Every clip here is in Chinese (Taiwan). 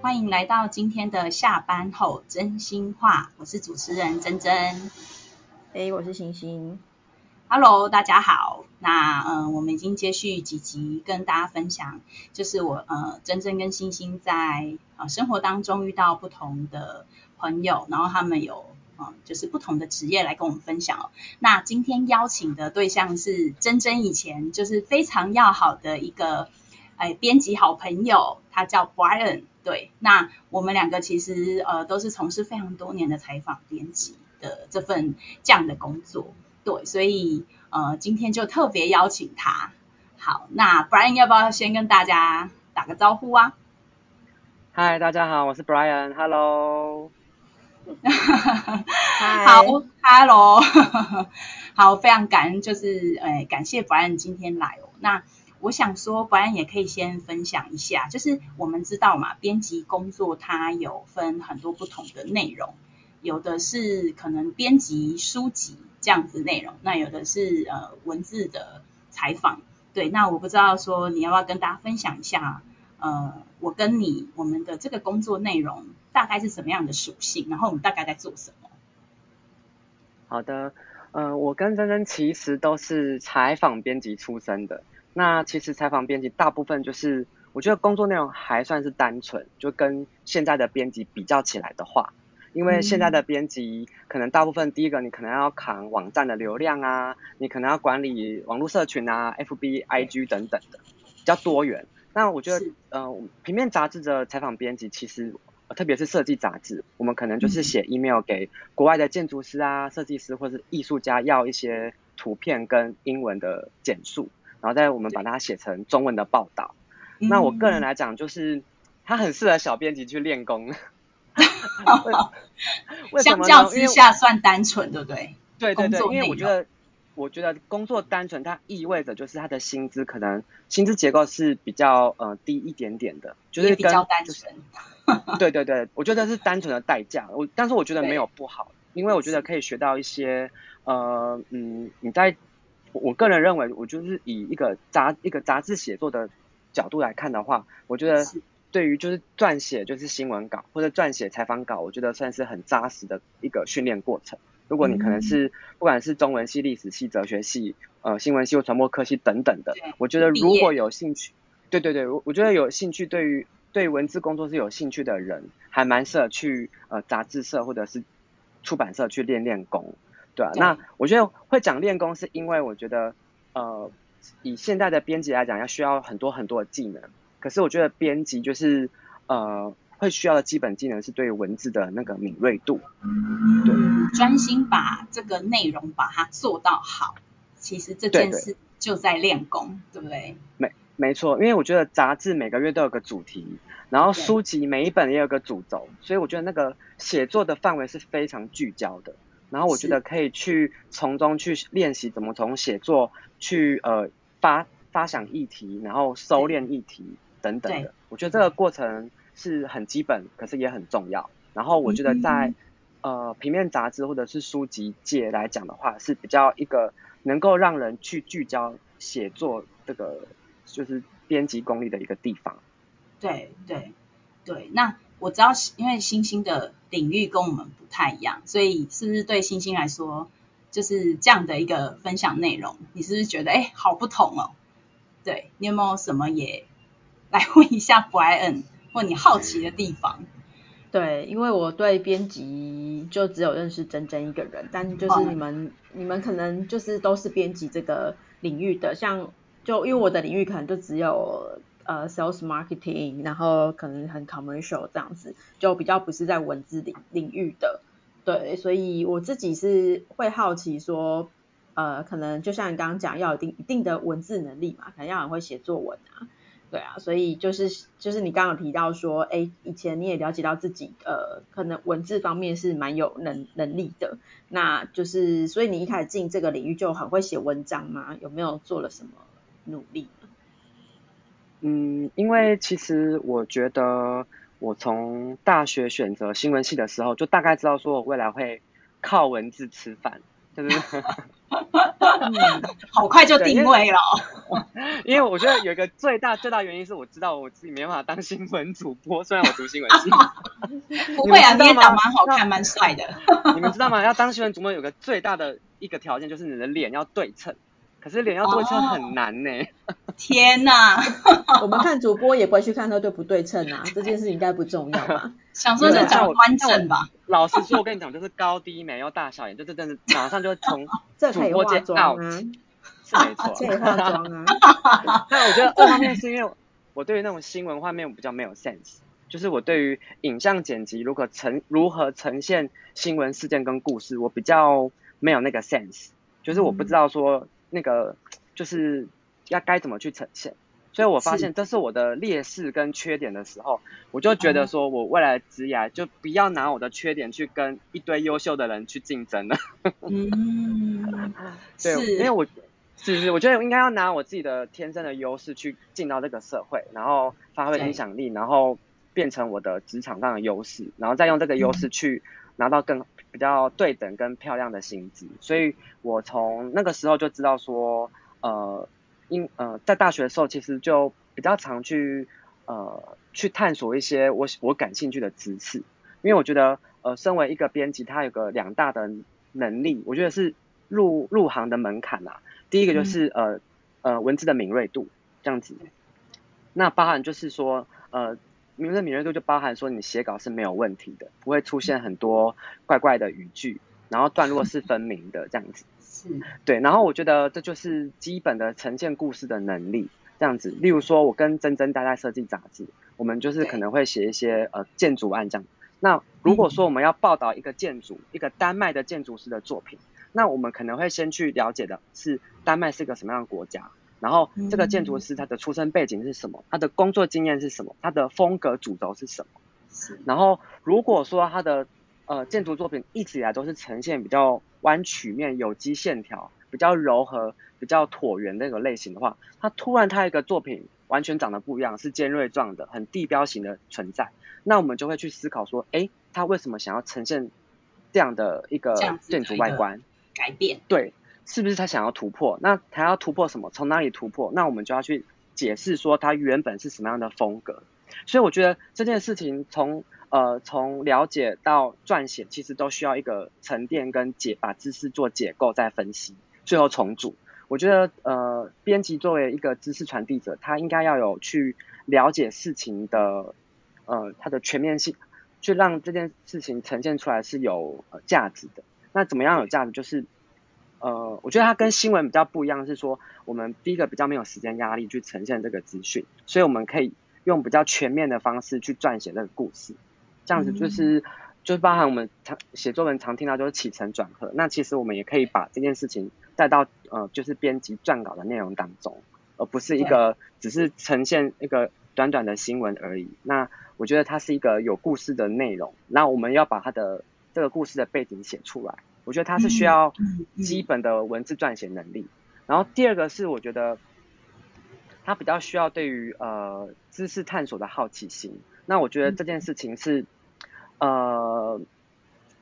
歡迎來到今天的下班後真心話，我是主持人真真。誒、欸，我是星星。Hello，大家好。那嗯、呃，我們已經接續幾集跟大家分享，就是我嗯，真、呃、真跟星星在啊、呃、生活當中遇到不同的朋友，然後他們有。哦、就是不同的職業來跟我們分享哦。那今天邀請的對象是真真以前就是非常要好的一個哎、呃、編輯好朋友，他叫 Bryan，對。那我們兩個其實呃都是從事非常多年的採訪編輯的這份這樣的工作，對。所以呃今天就特別邀請他。好，那 Bryan 要不要先跟大家打個招呼啊？Hi，大家好，我是 Bryan，Hello。 Hi 好，Hello， 好，非常感恩，就是呃、哎，感謝 Bryan 今天來哦。那我想說，Bryan 也可以先分享一下，就是我們知道嘛，編輯工作它有分很多不同的內容，有的是可能編輯書籍這樣子內容，那有的是呃文字的採訪。對，那我不知道說你要不要跟大家分享一下，呃，我跟你我們的這個工作內容。大概是什麼樣的屬性？然後我們大概在做什麼？好的，呃，我跟真真其實都是採訪編輯出身的。那其實採訪編輯大部分就是，我覺得工作內容還算是單純，就跟現在的編輯比較起來的話，因為現在的編輯、嗯、可能大部分第一個你可能要扛網站的流量啊，你可能要管理網絡社群啊、FB、IG 等等的，比較多元。那我覺得，是呃，平面雜誌的採訪編輯其實。特別是設計雜誌，我們可能就是寫 email 給國外的建築師啊、設計、嗯、師或者是藝術家，要一些圖片跟英文的簡述，然後再我們把它寫成中文的報道。嗯、那我個人來講，就是它很適合小編輯去練功。哈哈、嗯，相較之下算單純，對不對？對對對，工作因為我覺得。我覺得工作單純，它意味着就是它的薪資可能薪資結構是比較呃低一點點的，就是跟比較單純。對對對，我覺得是單純的代價。我但是我覺得沒有不好，因為我覺得可以學到一些呃嗯你在我個人認為，我就是以一個雜一個雜誌寫作的角度來看的話，我覺得對於就是撰寫就是新聞稿或者撰寫採訪稿，我覺得算是很扎實的一個訓練過程。如果你可能是不管是中文系、歷史系、哲學系、呃新聞系或傳播科系等等的，我覺得如果有興趣，對對對，我我覺得有興趣對於對文字工作是有興趣的人，還蠻適合去呃雜誌社或者是出版社去練練功，對啊。那我覺得會講練功是因為我覺得呃以現在的編輯來講，要需要很多很多的技能。可是我覺得編輯就是呃。會需要的基本技能是對文字的那個敏銳度，對，專心把這個內容把它做到好，其實這件事就在練功，對，對，對不對？沒沒錯，因為我覺得雜誌每個月都有個主題，然後書籍每一本也有個主軸，對所以我覺得那個寫作的範圍是非常聚焦的，然後我覺得可以去從中去練習怎麼從寫作去呃發發想議題，然後收斂議題對等等的，我覺得這個過程。是很基本，可是也很重要。然後我覺得在嗯嗯呃平面雜誌或者是書籍界來講的話，是比較一個能夠讓人去聚焦寫作這個就是編輯功力的一個地方。對對對。那我知道，因為星星的領域跟我們不太一樣，所以是不是對星星來說，就是這樣的一個分享內容，你是不是覺得哎好不同哦？對，你有沒有什麼也來問一下 Bryan？問你好奇的地方，對，因為我對編輯就只有認識真真一個人，但就是你們，oh. 你們可能就是都是編輯這個領域的，像就因為我的領域可能就只有呃 sales marketing，然後可能很 commercial 這樣子，就比較不是在文字領領域的，對，所以我自己是會好奇說，呃，可能就像你剛剛講，要有一定一定的文字能力嘛，可能要很會寫作文啊。對啊，所以就是就是你剛剛有提到說，哎，以前你也了解到自己呃，可能文字方面是蠻有能能力的，那就是所以你一開始進這個領域就很會寫文章嗎？有沒有做了什麼努力？嗯，因為其實我覺得我從大學選擇新聞系的時候，就大概知道說我未來會靠文字吃飯，對不對？ 嗯、好快就定位了，對 因為我覺得有一個最大最大原因是我知道我自己沒辦法當新聞主播，雖然我讀新聞。不會啊，你臉長蠻好看，蠻帥的。 你們知道嗎？要當新聞主播有個最大的一個條件就是你的臉要對稱。可是臉要對稱很難呢、欸。Oh, 天哪， 我們看主播也不會去看他對不對稱啊， 這件事應該不重要吧？想說就是叫端正吧。 老實說，我跟你講，就是高低眉又大小眼， 就真的馬上就會從主播間鬧嗯， 這啊、 是沒錯錯。端正、 啊。但 我覺得這方面是因為我對於那種新聞畫面我比較沒有 sense，就是我對於影像剪輯如何呈如何呈現新聞事件跟故事，我比較沒有那個 sense，就是我不知道說、嗯。那個就是要該怎麼去呈現，所以我發現這是我的劣勢跟缺點的時候，是我就覺得說我未來的職涯就不要拿我的缺點去跟一堆優秀的人去競爭了。嗯， 對，是因為我是是，是我覺得應該要拿我自己的天生的優勢去進到這個社會，然後發揮影響力，對然後變成我的職場上的優勢，然後再用這個優勢去拿到更。嗯更比較對等跟漂亮的薪資，所以我從那個時候就知道說，呃，因呃在大學的時候其實就比較常去呃去探索一些我我感興趣的知識，因為我覺得呃身為一個編輯，它有個兩大的能力，我覺得是入入行的門檻啦，啊，第一個就是，嗯，呃呃文字的敏銳度這樣子，那包含就是說呃。你的敏銳度就包含說你寫稿是沒有問題的，不會出現很多怪怪的語句，然後段落是分明的這樣子。是，對，然後我覺得這就是基本的呈現故事的能力這樣子。例如說，我跟珍珍待在設計雜誌，我們就是可能會寫一些呃建築案這樣。那如果說我們要報道一個建築，一個丹麥的建築師的作品，那我們可能會先去了解的是丹麥是一個什麼樣的國家。然後這個建築師他的出身背景是什麼？嗯、他的工作經驗是什麼？他的風格主軸是什麼？是。然後如果說他的呃建築作品一直以來都是呈現比較彎曲面、有機線條、比較柔和、比較橢圓那個類型的話，他突然他一個作品完全長得不一樣，是尖銳狀的、很地標型的存在，那我們就會去思考說，哎，他為什麼想要呈現這樣的一個建築外觀改變？對。是不是他想要突破？那他要突破什麼？從哪裡突破？那我們就要去解釋說，他原本是什麼樣的風格。所以我覺得這件事情從呃從了解到撰寫，其實都需要一個沉澱跟解，把知識做解構再分析，最後重組。我覺得呃編輯作為一個知識傳遞者，他應該要有去了解事情的呃他的全面性，去讓這件事情呈現出來是有價值的。那怎麼樣有價值？就是呃，我覺得它跟新聞比較不一樣，是說我們第一個比較沒有時間壓力去呈現這個資訊，所以我們可以用比較全面的方式去撰寫這個故事。這樣子就是，嗯、就是包含我們常寫作文常聽到就是起承轉合。那其實我們也可以把這件事情帶到呃，就是編輯撰稿的內容當中，而不是一個只是呈現一個短短的新聞而已。那我覺得它是一個有故事的內容，那我們要把它的這個故事的背景寫出來。我覺得它是需要基本的文字撰寫能力，然後第二個是我覺得它比較需要對於呃知識探索的好奇心。那我覺得這件事情是呃，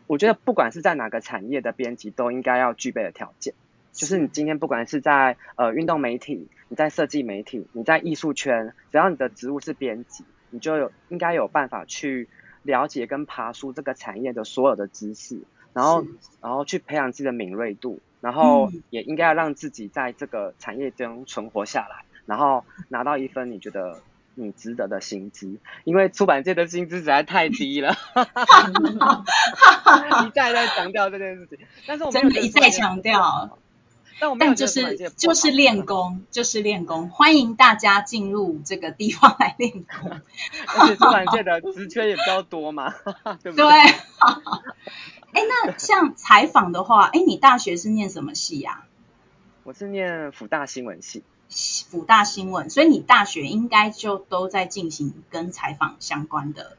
我覺得不管是在哪個產業的編輯都應該要具備的條件，就是你今天不管是在呃運動媒體、你在設計媒體、你在藝術圈，只要你的職務是編輯，你就有應該有辦法去了解跟爬梳這個產業的所有的知識，然後，是然後去培養自己的敏銳度，然後也應該要讓自己在這個產業中存活下來，嗯、然後拿到一份你覺得你值得的薪資，因為出版界的薪資實在太低了。 一再再強調這件事情，但是我們一再強調。但，我但就是就是練功， 就是練功，歡迎大家進入這個地方來練功。 而且出版界的職缺也比較多嘛， 對不對？對。 哎，那像採訪的話，哎，你大學是念什麼系呀？我是念輔大新聞系。輔大新聞，所以你大學應該就都在進行跟採訪相關的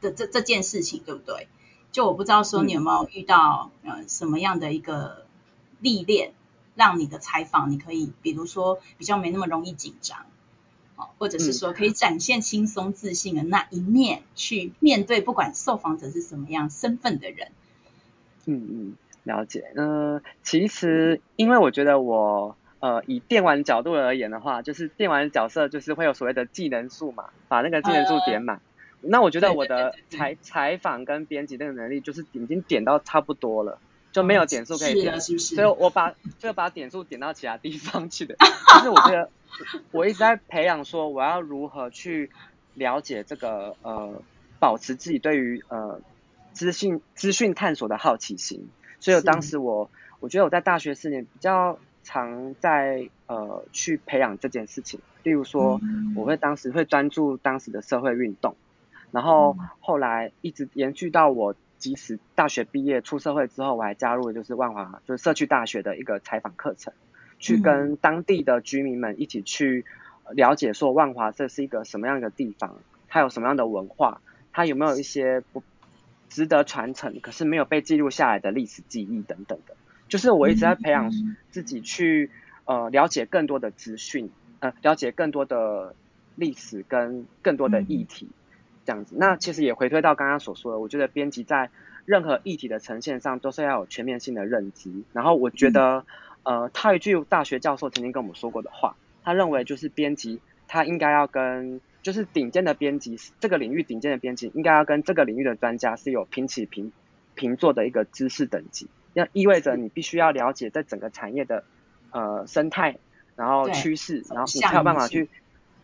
的這這件事情，對不對？就我不知道說你有沒有遇到，嗯，呃什麼樣的一個歷練，讓你的採訪你可以，比如說比較沒那麼容易緊張，好，或者是說可以展現輕鬆自信的那一面，嗯，去面對不管受訪者是什麼樣身份的人。嗯嗯，了解。嗯、呃、其實因為我覺得我呃，以電玩角度而言的話，就是電玩角色就是會有所謂的技能數嘛，把那個技能數點滿。啊、那我覺得我的採採訪跟編輯那個能力，就是已經點到差不多了，就沒有點數可以點，嗯啊啊啊、所以我把就把點數點到其他地方去的。 就是我覺得我一直在培養說，我要如何去了解這個呃，保持自己對於呃。資訊資訊探索的好奇心，所以當時我是我覺得我在大學四年比較常在呃去培養這件事情，例如說、嗯、我會當時會專注當時的社會運動，然後後來一直延續到我即使大學畢業出社會之後，我還加入了就是萬華就是社區大學的一個採訪課程，去跟當地的居民們一起去了解說萬華這是一個什麼樣的地方，它有什麼樣的文化，它有沒有一些不值得傳承，可是沒有被記錄下來的歷史記憶等等的，就是我一直在培養自己去呃了解更多的資訊，嗯嗯、呃了解更多的歷史跟更多的議題，這樣子。那其實也回推到剛剛所說的，我覺得編輯在任何議題的呈現上都是要有全面性的認知。然後我覺得、嗯、呃他一句大學教授曾經跟我們說過的話，他認為就是編輯他應該要跟。就是頂尖的編輯，這個領域頂尖的編輯應該要跟這個領域的專家是有平起平平坐的一個知識等級，那意味着你必須要了解在整個產業的呃生態，然後趨勢，對然後你才有辦法去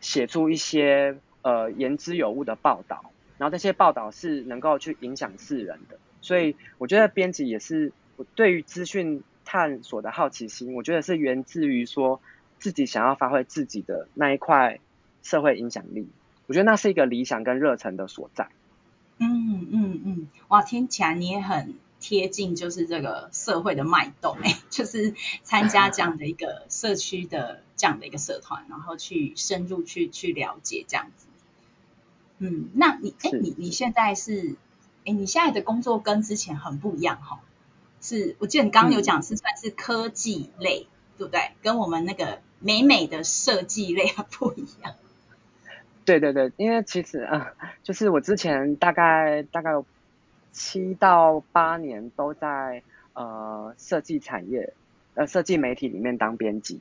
寫出一些呃言之有物的報道，然後這些報道是能夠去影響世人的。所以我覺得編輯也是我對於資訊探索的好奇心，我覺得是源自於說自己想要發揮自己的那一塊。社會影響力，我覺得那是一個理想跟熱忱的所在。嗯嗯嗯，哇，聽起來你也很貼近就是這個社會的脈動， 就是參加這樣的一個社區的 這樣的一個社團，然後去深入去去了解這樣子。嗯，那你是誒你你現在是誒你現在的工作跟之前很不一樣哈，是我記得你剛剛有講是算、嗯、是科技類，對不對？跟我們那個美美的設計類不一樣。對對對，因為其實，呃，就是我之前大概大概有七到八年都在呃設計產業呃設計媒體裡面當編輯，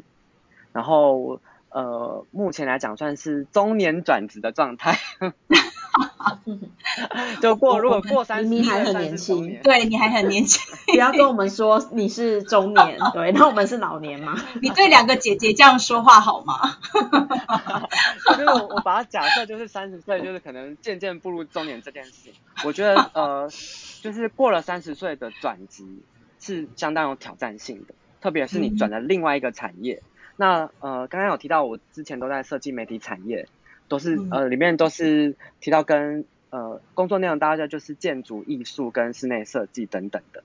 然後呃目前來講算是中年轉職的狀態。 就過我如果過三十你還很年輕，年，對，你還很年輕， 不要跟我們說你是中年， 對，那我們是老年嘛？你對兩個姐姐這樣說話好嗎？所 以 我我把它假設就是三十歲，就是可能漸漸步入中年這件事。我覺得呃，就是過了三十歲的轉職是相當有挑戰性的，特別是你轉了另外一個產業。嗯、那呃，剛剛有提到我之前都在設計媒體產業。都是呃，裡面都是提到跟呃工作內容，大家就是建築藝術跟室內設計等等的。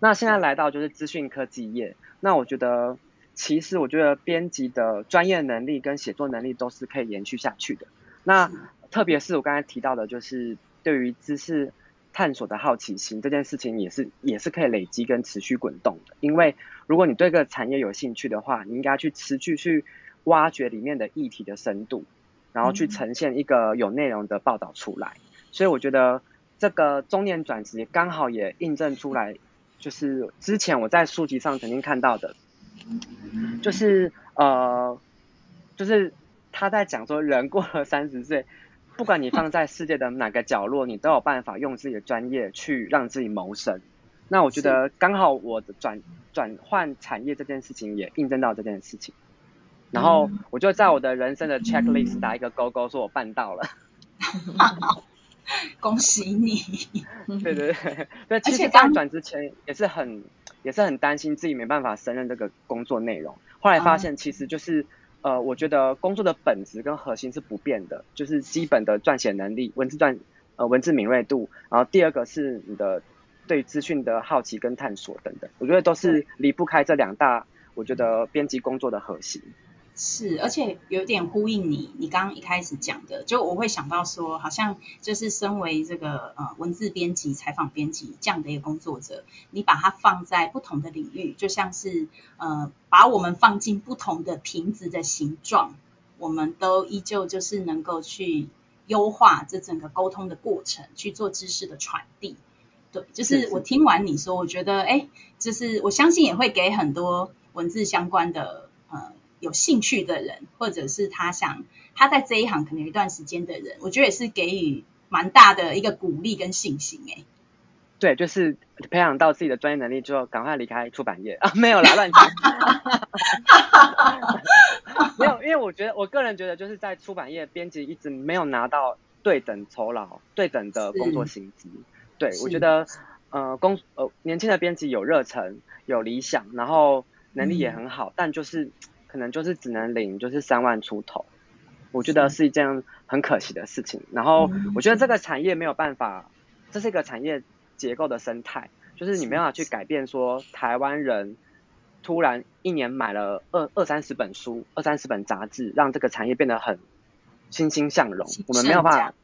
那現在來到就是資訊科技業，那我覺得其實我覺得編輯的專業能力跟寫作能力都是可以延續下去的。那特別是我剛才提到的，就是對於知識探索的好奇心這件事情，也是也是可以累積跟持續滾動的。因為如果你對一個產業有興趣的話，你應該去持續去挖掘裡面的議題的深度，然後去呈現一個有內容的報道出來，所以我覺得這個中年轉職剛好也印證出來，就是之前我在書籍上曾經看到的，就是呃，就是他在講說，人過了三十歲，不管你放在世界的哪個角落，你都有辦法用自己的專業去讓自己謀生。那我覺得剛好我轉轉換產業這件事情也印證到這件事情。然後我就在我的人生的 checklist 打一個勾勾，說我辦到了。嗯。恭喜你！ 對對對對，而且剛轉之前也是很也是很擔心自己沒辦法勝任這個工作內容。後來發現其實就是、啊、呃，我覺得工作的本質跟核心是不變的，就是基本的撰寫能力、文字撰呃文字敏銳度，然後第二個是你的對資訊的好奇跟探索等等，我覺得都是離不開這兩大我覺得編輯工作的核心。是,而且有點呼應你，你剛剛一開始講的，就我會想到說，好像就是身為這個呃文字編輯、採訪編輯這樣的一個工作者，你把它放在不同的領域，就像是呃把我們放進不同的瓶子的形狀，我們都依舊就是能夠去優化這整個溝通的過程，去做知識的傳遞。對，就是我聽完你說，我覺得誒，就是我相信也會給很多文字相關的。有興趣的人，或者是他想他在這一行可能有一段時間的人，我覺得也是給予蠻大的一個鼓勵跟信心、欸。哎，對，就是培養到自己的專業能力之後，趕快離開出版業啊！ 沒有啦，亂講。沒有，因為我覺得我個人覺得就是在出版業編輯一直沒有拿到對等酬勞、對等的工作薪資。對，是我覺得呃，工呃，年輕的編輯有熱忱、有理想，然後能力也很好，嗯、但就是。可能就是只能領就是三萬出頭，我覺得是一件很可惜的事情。然後我覺得這個產業沒有辦法，這是一個產業結構的生態，就是你沒有辦法去改變說台灣人突然一年買了二二三十本書、二三十本雜誌，讓這個產業變得很欣欣向榮。我們沒有辦法，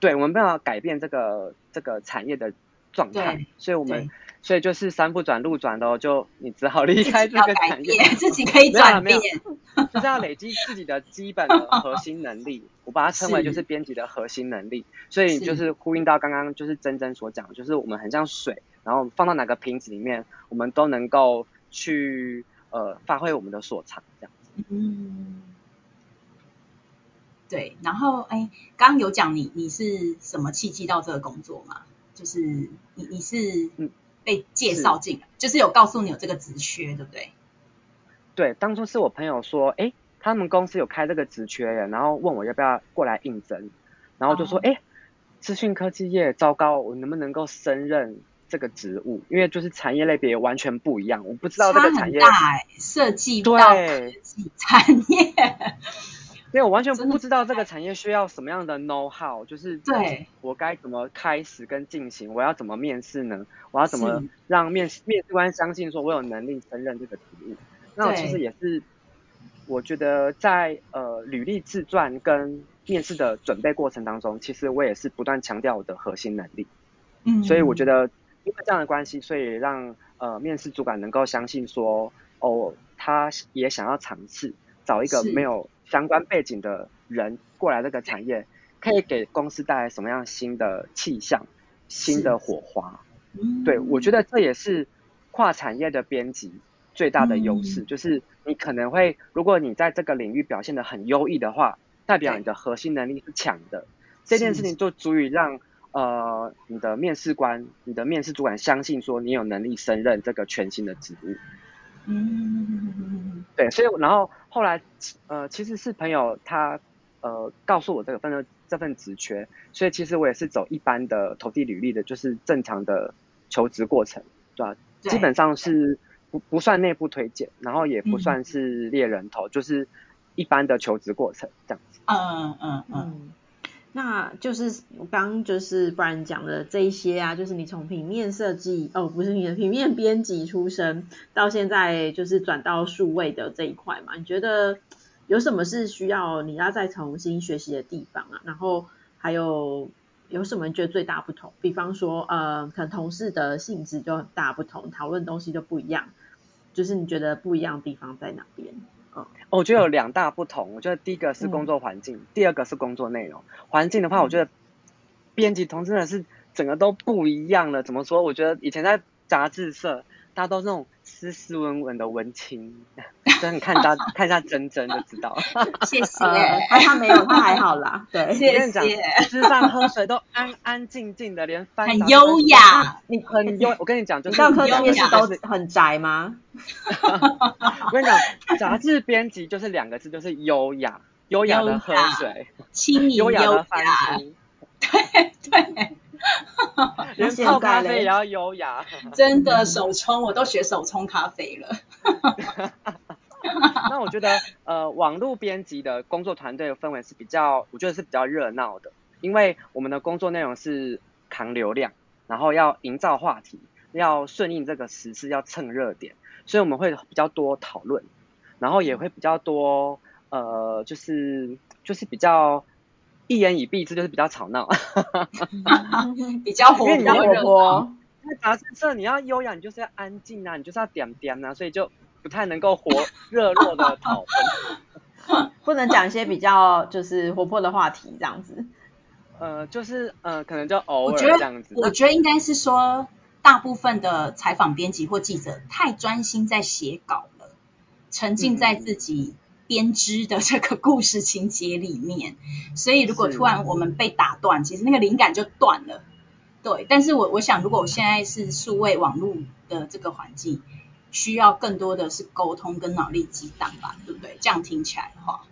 對我們沒有辦法改變這個這個產業的。狀態，對所以我們，對所以就是山不轉路轉的哦，就你只好離開這個行業，自己， 自己可以轉變， 就是要累積自己的基本的核心能力， 我把它稱為就是編輯的核心能力，是所以就是呼應到剛剛就是真真所講，是就是我們很像水，然後放到哪個瓶子裡面，我們都能夠去呃發揮我們的所長這樣，嗯。對，然後哎，剛、欸、剛有講你你是什麼契機到這個工作嗎？就是你你是被介紹進來，嗯、是就是有告訴你有這個職缺，對不對？對，當初是我朋友說，哎、欸，他們公司有開這個職缺耶，然後問我要不要過來應徵，然後就說，哎、嗯，資訊、欸、科技業糟糕，我能不能夠升任這個職務？因為就是產業類別完全不一樣，我不知道這個產業大哎、欸，設計產業。對 因為我完全不知道這個產業需要什麼樣的 know how，的就是在對我該怎麼開始跟進行，我要怎麼面試呢？我要怎麼讓面試是面試官相信說我有能力勝任這個職務？那我其實也是，對我覺得在呃履歷自傳跟面試的準備過程當中，其實我也是不斷強調我的核心能力。嗯，所以我覺得因為這樣的關係，所以讓呃面試主管能夠相信說哦，他也想要嘗試找一個沒有。相關背景的人過來這個產業，可以給公司帶來什麼樣新的氣象、新的火花？是是嗯、對，我覺得這也是跨產業的編輯最大的優勢，嗯、就是你可能會，如果你在這個領域表現得很優異的話，代表你的核心能力是強的，對這件事情就足以讓是是呃你的面試官、你的面試主管相信說你有能力勝任這個全新的職務。嗯，對，所以然後後來，呃，其實是朋友他呃告訴我這個份這份職缺，所以其實我也是走一般的投遞履歷的，就是正常的求職過程，對吧？對，基本上是對不不算內部推薦，然後也不算是獵人頭，嗯、就是一般的求職過程這樣子。嗯嗯嗯嗯。嗯嗯那就是我剛剛就是不然講的這一些啊，就是你從平面設計哦，不是你的平面編輯出身，到現在就是轉到數位的這一塊嘛，你覺得有什麼是需要你要再重新學習的地方啊？然後還有有什麼你覺得最大不同？比方說呃，可能同事的性質就很大不同，討論東西就不一樣，就是你覺得不一樣的地方在哪邊？哦，我覺得有兩大不同。我覺得第一個是工作環境，嗯、第二個是工作內容。環境的話，我覺得編輯同真的是整個都不一樣了。怎麼說？我覺得以前在雜誌社，大家都是那種斯斯文文的文青。你看到看一下真真就知道，謝謝。他他沒有，他還好啦。對，謝謝。吃飯喝水都安安靜靜的，連翻很優雅。你很優，我跟你講，就是上課東西是都很宅嗎？我跟你講，雜誌編輯就是兩個字，就是優雅，優雅的喝水，輕盈，優雅的翻書，對對。連泡咖啡也要優雅，真的手沖我都學手沖咖啡了。 那我覺得，呃，網路編輯的工作團隊的氛圍是比較，我覺得是比較熱鬧的，因為我們的工作內容是扛流量，然後要營造話題，要順應這個時事，要蹭熱點，所以我們會比較多討論，然後也會比較多，呃，就是就是比較一言以蔽之，就是比較吵鬧， 比較活潑，因為你要熱，嗯、因為你要優雅，你就是要安靜啊，你就是要點點啊，所以就。不太能夠活熱絡的討論， 不能講一些比較就是活潑的話題這樣子。 呃，就是呃，可能就偶爾這樣子這樣子。我覺得，我覺得應該是說，大部分的採訪編輯或記者太專心在寫稿了，沉浸在自己編織的這個故事情節裡面，所以如果突然我們被打斷，是其實那個靈感就斷了。對，但是我我想，如果我現在是數位網路的這個環境。需要更多的是溝通跟腦力激盪吧，對不對？這樣聽起來的話，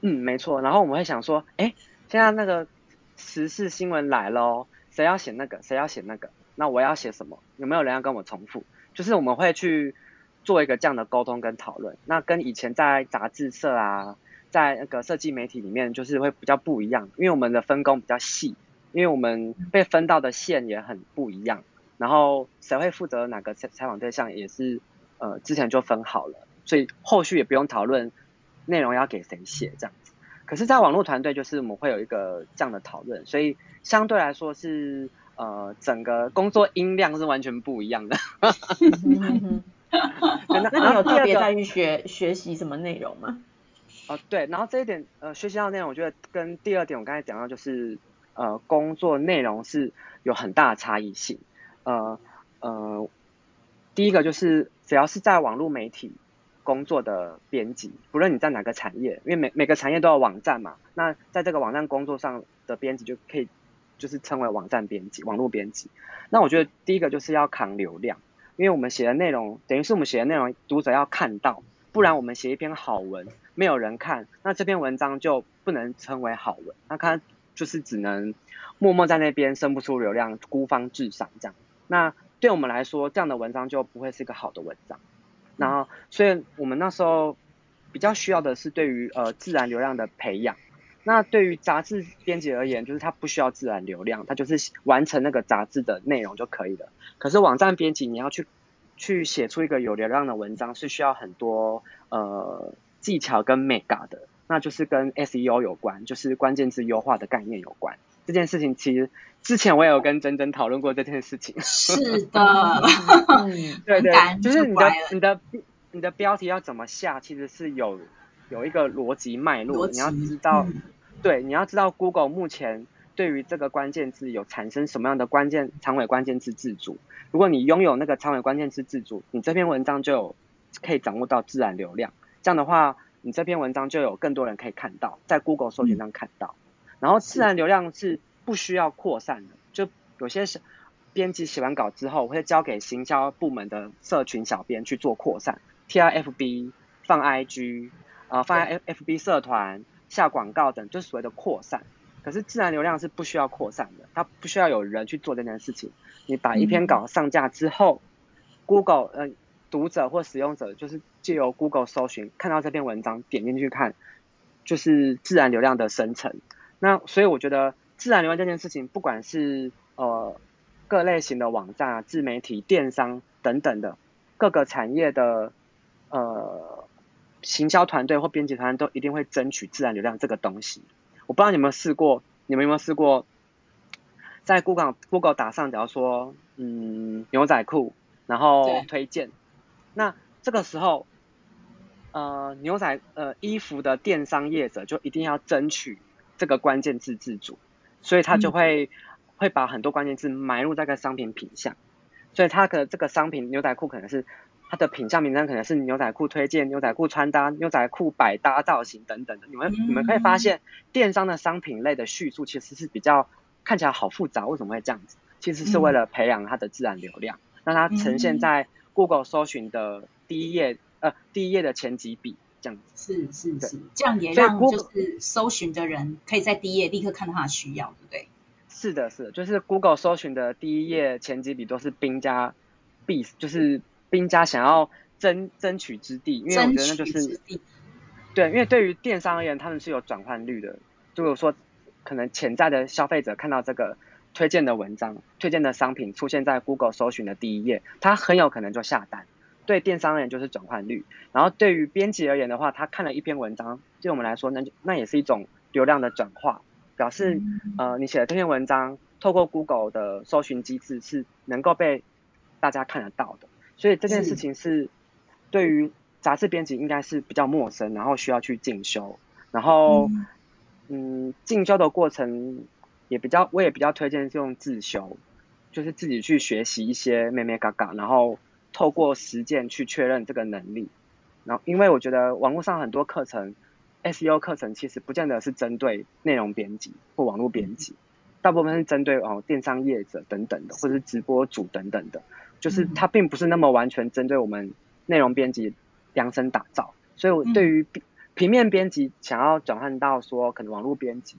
嗯，沒錯。然後我們會想說，哎，現在那個時事新聞來咯，誰要寫那個？誰要寫那個？那我要寫什麼？有沒有人要跟我重複？就是我們會去做一個這樣的溝通跟討論。那跟以前在雜誌社啊，在那個設計媒體裡面，就是會比較不一樣，因為我們的分工比較細，因為我們被分到的線也很不一樣。然後誰會負責哪個採採訪對象也是呃，之前就分好了，所以後續也不用討論內容要給誰寫這樣子。可是，在網絡團隊就是我們會有一個這樣的討論，所以相對來說是呃，整個工作音量是完全不一樣的。那你有特別在於學 學習什麼內容嗎？哦、呃，對，然後這一點呃，學習到內容，我覺得跟第二點我剛才講到就是呃工作內容是有很大的差異性。呃呃，第一個就是只要是在網絡媒體工作的編輯，不論你在哪個產業，因為每每個產業都有網站嘛。那在這個網站工作上的編輯就可以就是稱為網站編輯、網絡編輯。那我覺得第一個就是要扛流量，因為我們寫的內容，等於是我們寫的內容，讀者要看到，不然我們寫一篇好文，沒有人看，那這篇文章就不能稱為好文，那它就是只能默默在那邊生不出流量，孤芳自賞這樣。那對我們來說，這樣的文章就不會是一個好的文章。嗯、然後，所以我們那時候比較需要的是對於呃自然流量的培養。那對於雜誌編輯而言，就是他不需要自然流量，他就是完成那個雜誌的內容就可以了。可是網站編輯，你要去去寫出一個有流量的文章，是需要很多呃技巧跟美感的。那就是跟 SEO 有關，就是關鍵字優化的概念有關。這件事情其實之前我也有跟真真討論過這件事情。是的，呵呵嗯、對對，敢就是你的你的你的標題要怎麼下，其實是有有一個邏輯脈絡，輯你要知道，嗯、對，你要知道 Google 目前對於這個關鍵字有產生什麼樣的關鍵長尾關鍵字自主。如果你擁有那個長尾關鍵字自主，你這篇文章就有可以掌握到自然流量。這樣的話，你這篇文章就有更多人可以看到，在 Google 搜尋上看到。嗯然後自然流量是不需要擴散的，就有些是編輯寫完稿之後，我會交給行銷部門的社群小編去做擴散，T R F B 放 I G，啊、呃，放 F F B 社團下廣告等，就是所謂的擴散。可是自然流量是不需要擴散的，它不需要有人去做這件事情。你把一篇稿上架之後、嗯、，Google 呃讀者或使用者就是借由 Google 搜尋看到這篇文章，點進去看，就是自然流量的生成。那所以我覺得自然流量這件事情，不管是呃各類型的網站、自媒體、電商等等的各個產業的呃行銷團隊或編輯團隊，都一定會爭取自然流量這個東西。我不知道你們有試過，你們有沒有試過在 Google Google 打上，比如說嗯牛仔褲，然後推薦。那這個時候呃牛仔呃衣服的電商業者就一定要爭取。這個關鍵字自主，所以他就會、嗯、會把很多關鍵字埋入這個商品品項，所以他的這個商品牛仔褲可能是它的品項名稱可能是牛仔褲推薦、牛仔褲穿搭、牛仔褲百搭造型等等的。你們、嗯、你們可以發現，電商的商品類的敘述其實是比較看起來好複雜，為什麼會這樣子？其實是為了培養它的自然流量，讓它、嗯、呈現在 Google 搜尋的第一頁，呃，第一頁的前幾筆。是是是，對這樣也讓就是搜尋的人可以在第一頁立刻看到他的需要，對不對？是的是的，就是 Google 搜尋的第一頁前幾筆都是兵家必就是兵家想要爭爭取之地，因為我覺得那就是對，因為對於電商而言，他們是有轉換率的，就是說可能潛在的消費者看到這個推薦的文章、推薦的商品出現在 Google 搜尋的第一頁，他很有可能就下單。對電商而言就是轉換率，然後對於編輯而言的話，他看了一篇文章，對我們來說那就那也是一種流量的轉化，表示，嗯、呃你寫的這篇文章透過 Google 的搜尋機制是能夠被大家看得到的，所以這件事情是對於雜誌編輯應該是比較陌生，然後需要去進修，然後嗯，嗯進修的過程也比較我也比較推薦是用自修，就是自己去學習一些咩咩嘎嘎，然後。透過實踐去確認這個能力，然後因為我覺得網絡上很多課程，SEO 課程其實不見得是針對內容編輯或網絡編輯，嗯、大部分是針對哦電商業者等等的，或者是直播主等等的，就是它並不是那麼完全針對我們內容編輯量身打造，所以我對於平面編輯想要轉換到說可能網絡編輯，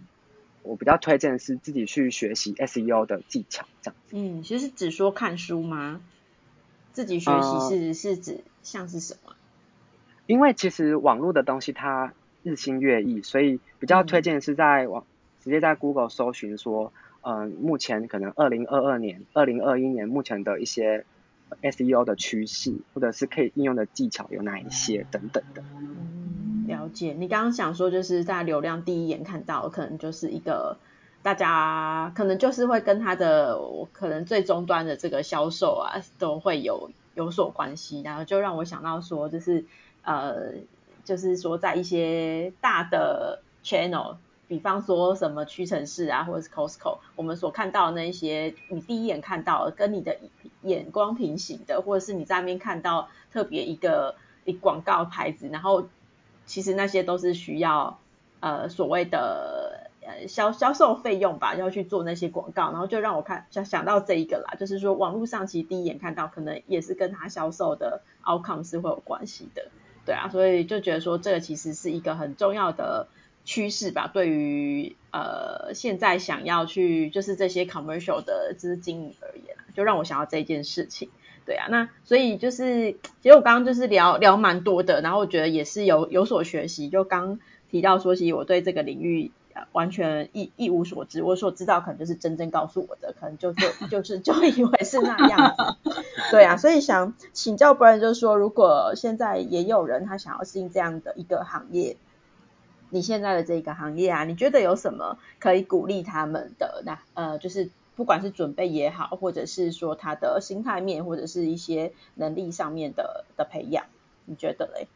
我比較推薦的是自己去學習 SEO 的技巧這樣子。嗯，其實只說看書嗎？自己學習是、呃、是指像是什麼？因為其實網絡的東西它日新月異，所以比較推薦是在網直接在 Google 搜尋說，嗯、呃，目前可能二零二二年、二零二一年目前的一些 SEO 的趨勢，或者是可以應用的技巧有哪一些等等的、嗯。了解，你剛剛想說就是在流量第一眼看到可能就是一個。大家可能就是會跟他的可能最終端的這個銷售啊，都會有有所關係，然後就讓我想到說，就是呃，就是說在一些大的 channel，比方說什麼屈臣氏啊，或者是 Costco，我們所看到的那一些，你第一眼看到跟你的眼光平行的，或者是你在那邊看到特別一個一廣告牌子，然後其實那些都是需要呃所謂的。呃，銷銷售費用吧，要去做那些廣告，然後就讓我看想想到這一個啦，就是說網絡上其實第一眼看到，可能也是跟他銷售的 outcome 是會有關係的，對啊，所以就覺得說這個其實是一個很重要的趨勢吧，對於呃現在想要去就是這些 commercial 的資金而言，就讓我想到這件事情，對啊，那所以就是，其實我剛剛就是聊聊蠻多的，然後我覺得也是有有所學習，就剛提到說，其實我對這個領域。呃、完全一一無所知，我所知道可能就是真真告訴我的，可能就就就是就以為是那樣子的， 對啊，所以想請教，不然就是說，如果現在也有人他想要進這樣的一個行業，你現在的這個行業啊，你覺得有什麼可以鼓勵他們的？那呃，就是不管是準備也好，或者是說他的心態面，或者是一些能力上面的的培養，你覺得嘞？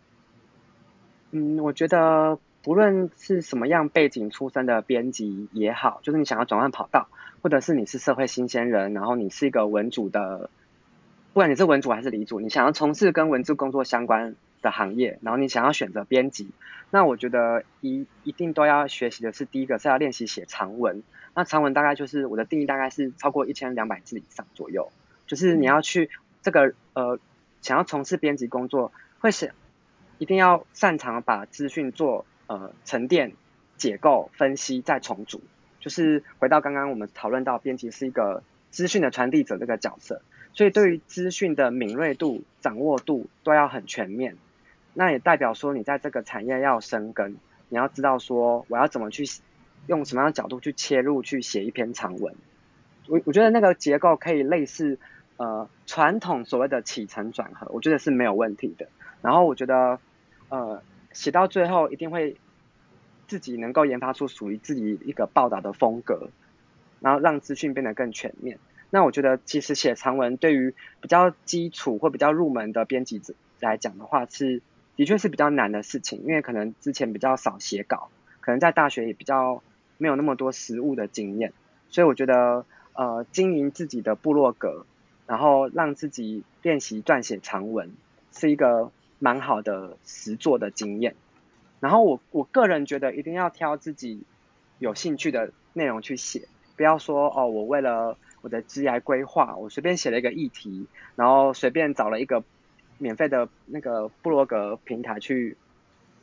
嗯，我覺得。不論是什麼樣背景出身的編輯也好，就是你想要轉換跑道，或者是你是社會新鮮人，然後你是一個文組的，不管你是文組還是理組，你想要從事跟文字工作相關的行業，然後你想要選擇編輯，那我覺得一一定都要學習的是第一個是要練習寫長文，那長文大概就是我的定義大概是超過一千兩百字以上左右，就是你要去這個呃想要從事編輯工作，會寫一定要擅長把資訊做。呃，沉澱、解構、分析，再重組，就是回到剛剛我們討論到，編輯是一個資訊的傳遞者這個角色，所以對於資訊的敏銳度、掌握度都要很全面。那也代表說，你在這個產業要生根，你要知道說，我要怎麼去用什麼樣的角度去切入，去寫一篇長文。我我覺得那個結構可以類似呃傳統所謂的起承轉合，我覺得是沒有問題的。然後我覺得呃。寫到最後一定會自己能夠研發出屬於自己一個報道的風格，然後讓資訊變得更全面。那我覺得其實寫長文對於比較基礎或比較入門的編輯者來講的話是，是的確是比較難的事情，因為可能之前比較少寫稿，可能在大學也比較沒有那麼多實務的經驗，所以我覺得呃經營自己的部落格，然後讓自己練習撰寫長文是一個。蠻好的實作的經驗，然後我我個人覺得一定要挑自己有興趣的內容去寫，不要說哦我為了我的職業規劃，我隨便寫了一個議題，然後隨便找了一個免費的那個部落格平台去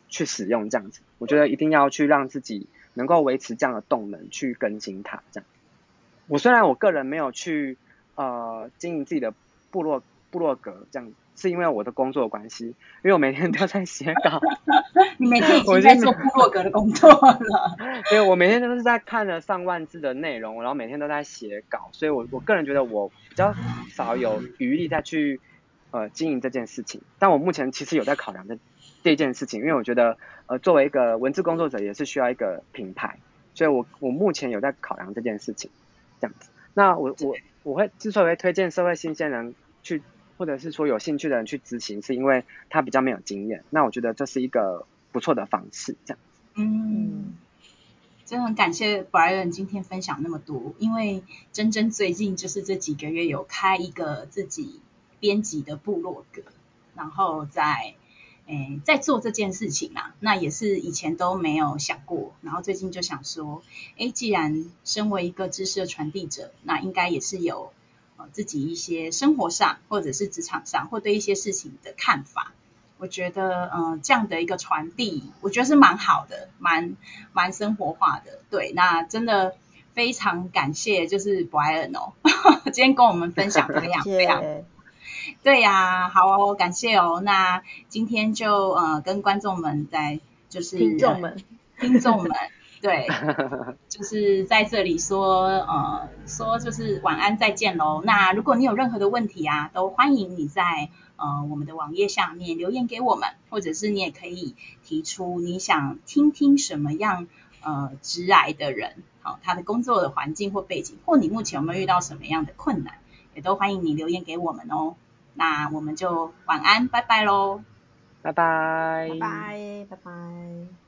去使用這樣子，我覺得一定要去讓自己能夠維持這樣的動能去更新它這樣。我雖然我個人沒有去呃經營自己的部落部落格這樣子。是因為我的工作的關係，因為我每天都在寫稿。 你每天已經在做部落格的工作了。因為 我每天都是在看了上萬字的內容，然後每天都在寫稿，所以我我個人覺得我比較少有餘力再去呃經營這件事情。但我目前其實有在考量這這件事情，因為我覺得呃作為一個文字工作者也是需要一個品牌，所以我我目前有在考量這件事情。這樣子，那我我我會之所以會推薦社會新鮮人去。或者是說有興趣的人去執行，是因為他比較沒有經驗。那我覺得這是一個不錯的方式，這樣子。嗯，真的很感謝 Brian 今天分享那麼多。因為真真最近就是這幾個月有開一個自己編輯的部落格，然後在誒在做這件事情啦、啊。那也是以前都沒有想過，然後最近就想說，誒，既然身為一個知識的傳遞者，那應該也是有自己一些生活上，或者是職場上，或對一些事情的看法，我覺得，嗯、呃，這樣的一個傳遞，我覺得是蠻好的，蠻蠻生活化的。對，那真的非常感謝，就是 Bryan，哦呵呵，今天跟我們分享這樣這 對呀、啊，好、哦，感謝哦。那今天就呃，跟觀眾們在就是聽眾們，聽眾們。 對，就是在這裡說，呃，說就是晚安再見嘍。那如果你有任何的問題啊，都歡迎你在呃我們的網頁下面留言給我們，或者是你也可以提出你想聽聽什麼樣呃職涯的人，好，啊，他的工作的環境或背景，或你目前有沒有遇到什麼樣的困難，也都歡迎你留言給我們哦。那我們就晚安，拜拜嘍。拜拜，拜拜。拜拜，拜拜。